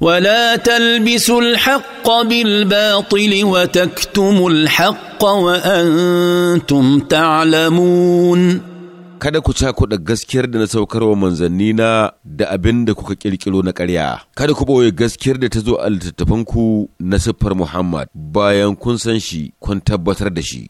ولا تلبسوا الحق بالباطل وتكتموا الحق وأنتم تعلمون kada ku cakuɗa gaskiyar da na saukarwa manzanni na da abin da kuka ƙirƙiro na ƙarya kada ku ɓoye gaskiyar da ta zo a littattafanku na siffar muhammad bayan kun san shi kun tabbatar da shi